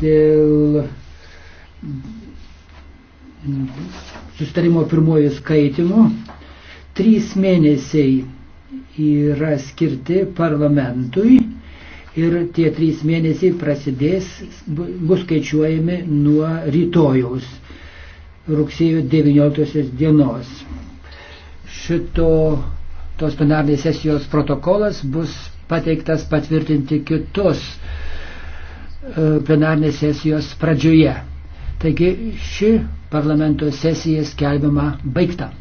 dėl sustarimo pirmojų skaitimų. Trys mėnesiai yra skirti parlamentui ir tie trys mėnesiai prasidės, bus skaičiuojami nuo rytojaus, rugsėjo 19 dienos. Šito tos plenarnės sesijos protokolas bus pateiktas patvirtinti kitus plenarnės sesijos pradžioje. Taigi ši parlamento sesija skelbiama baigta.